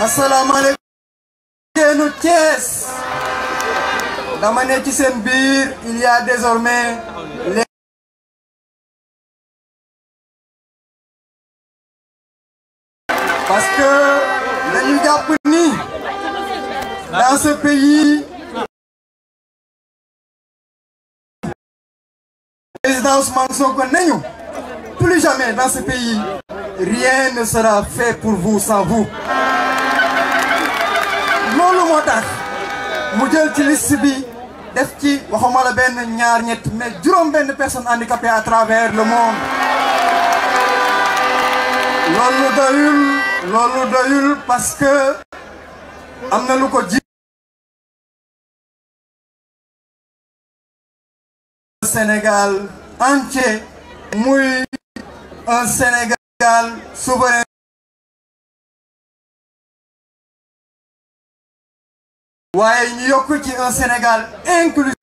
La manière qui La manière il y a désormais les parce que les dans ce pays plus jamais dans ce pays rien ne sera fait pour vous sans vous loolu moo tax mu jël ci liste bi def ci waxuma benn ñaar ñett mais juróom benn personne handicapée à travers le monde loolu doyul loolu doyul parce que am na lu ko ji Sénégal entier muy un Sénégal souverain Oui, ñu yokk un Sénégal inclusif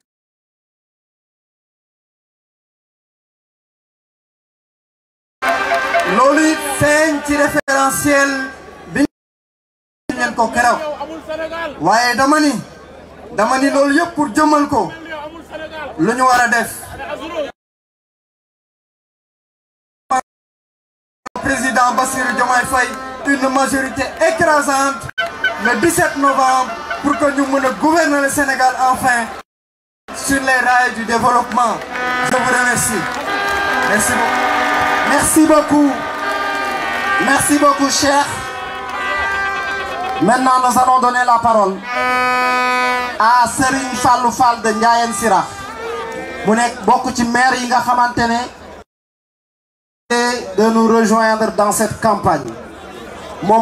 L'Oli fait un petit référentiel bi Damani. Damani l'olio pour jëmmal ko lu ñu président Bassir Diomaye Faye une majorité écrasante le 17 novembre pour que nous puissions gouverner le Sénégal enfin sur les rails du développement. Je vous remercie. Merci beaucoup. Merci beaucoup. Merci beaucoup, cher. Maintenant, nous allons donner la parole à Serine Fallou de Ndiayen Sira. Vous êtes beaucoup de maire yi nga de nous rejoindre dans cette campagne Mon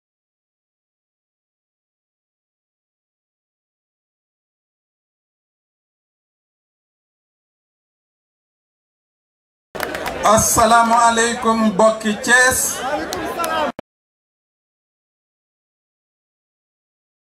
asalaamaaleykum bokki Thiès